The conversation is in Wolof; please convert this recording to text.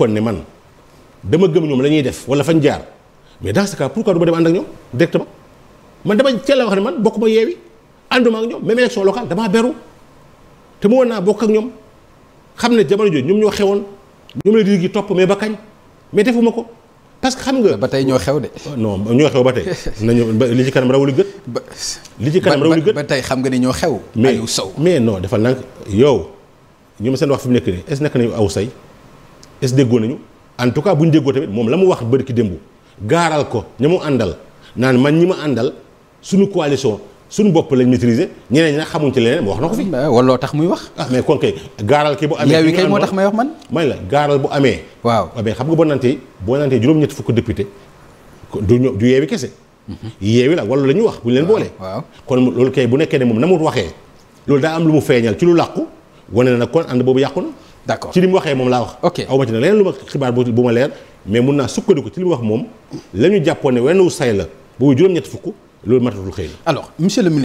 kon ne man dama gëm ñoom la ñuy def wala fañ jaar mais dans ce cas pourquoi du ma dem ànd ak ñoom directement man dama teel la wax ne man bokk ma yeewi ànduma ak ñoom même élection locale damaa te mu naa bokk ak ñoom xam ne jamono jooju ñoom ñoo xewoon ñoom la di gi topp mais ba kañ mais defuma ko parce que xam nga. ba tey ñoo xew de. non ñoo xew ba tey nañu li ci kanam rawuli gët. li ci kanam rawuli gët ba tey xam nga ni ñoo xew. Aliou Sow mais mais non defal nag yow ñu ma seen wax fi mu nekk nii est nekk nañu aw say. est ce déggoo nañu en tout cas bu ñu déggoo tamit moom la mu wax bërki démb gaaral ko ña mu àndal naan man ñi ma àndal suñu coalition suñu bopp lañ maîtriser ñeneen ñi xamuñ ci leneen moo wax na ko fi. walloo tax muy wax. ah mais kon kay gaaral amee. yow yi kay moo tax may wax man. may la gaaral bu amee. waaw ah, mais xam nga boo nantee boo nantee juróom-ñetti fukk député du ñëw du yeewi kese. Mhm. yeewi la wala la ñuy wax bu ñu leen boolee. waaw kon loolu kay bu nekkee ne moom na mu waxee loolu daa am lu mu feeñal ci lu làqu wane na kon ànd boobu yàqu na. d'accord ci li mu moom laa wax. ok aw ci nag leneen lu ma xibaar bu ma leer mais mun naa sukkandiku ci li wax moom la ñu ne wenn say la boobu juróom-ñetti fukk loolu matatul xëy na